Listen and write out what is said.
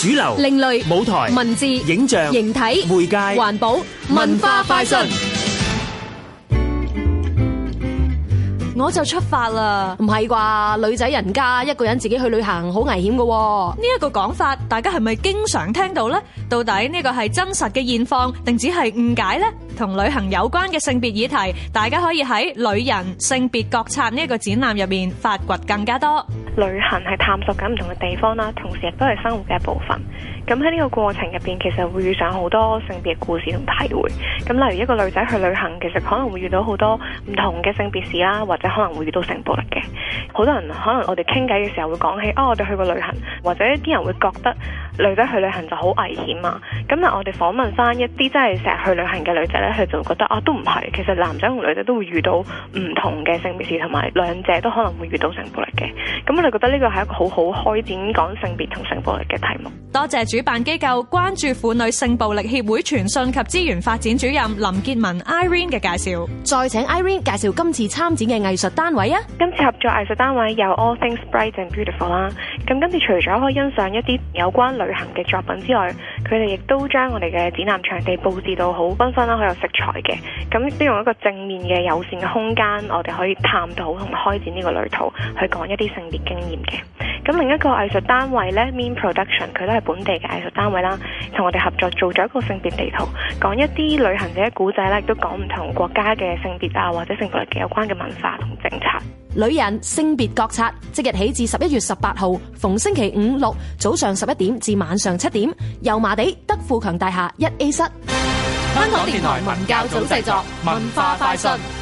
主流、另類舞台、文字、影像、形體、媒介、環保、文化、快訊，我就出發啦！唔係啩？女仔人家一個人自己去旅行好危險噶？呢一個講法，大家係咪經常聽到呢？到底呢個係真實嘅現況，定只係誤解呢？同旅行有關嘅性別議題，大家可以喺《女人性別覺察》呢一個展覽入面發掘更加多。旅行係探索緊唔同嘅地方啦，同時亦都係生活嘅一部分。咁喺呢個過程入面，其實會遇上好多性別故事同體會。咁例如一個女仔去旅行，其實可能會遇到好多唔同嘅性別事啦，或者可能會遇到性暴力嘅。好多人可能我哋傾偈嘅時候會講起，哦、啊，我哋去過旅行，或者啲人會覺得女仔去旅行就好危險啊。咁我哋訪問翻一啲真係成日去旅行嘅女仔呢，佢就會覺得啊，都唔係。其實男仔同女仔都會遇到唔同嘅性別事，同埋兩者都可能會遇到性暴力嘅。咁我哋覺得呢個係一個好好開展講性別同性暴力嘅題目。多謝主辦機構關注婦女性暴力協會傳訊及資源發展主任林建文 Irene 嘅介紹，再請 Irene 介紹今次參展嘅藝術單位啊。今次合作藝術單位有 All Things Bright and Beautiful 啦，咁跟住除咗可以欣賞一啲有關旅行嘅作品之外，佢哋亦都將我哋嘅展覽場地佈置到好繽紛啦，好有色彩嘅。咁都用一個正面嘅友善嘅空間，我哋可以探討同開展呢個旅途，去講一啲性別經驗嘅。咁另一個藝術單位咧，Mean Production，佢都係本地嘅藝術單位啦，同我哋合作做咗一個性別地圖，講一啲旅行者古仔啦，亦都講唔同國家嘅性別啊，或者性別有關嘅文化同政策。女人性別覺察，即日起至十一月十八號，逢星期五六早上十一點至晚上七點，油麻地德富強大廈一 A 室。香港電台文教組製作文化快訊。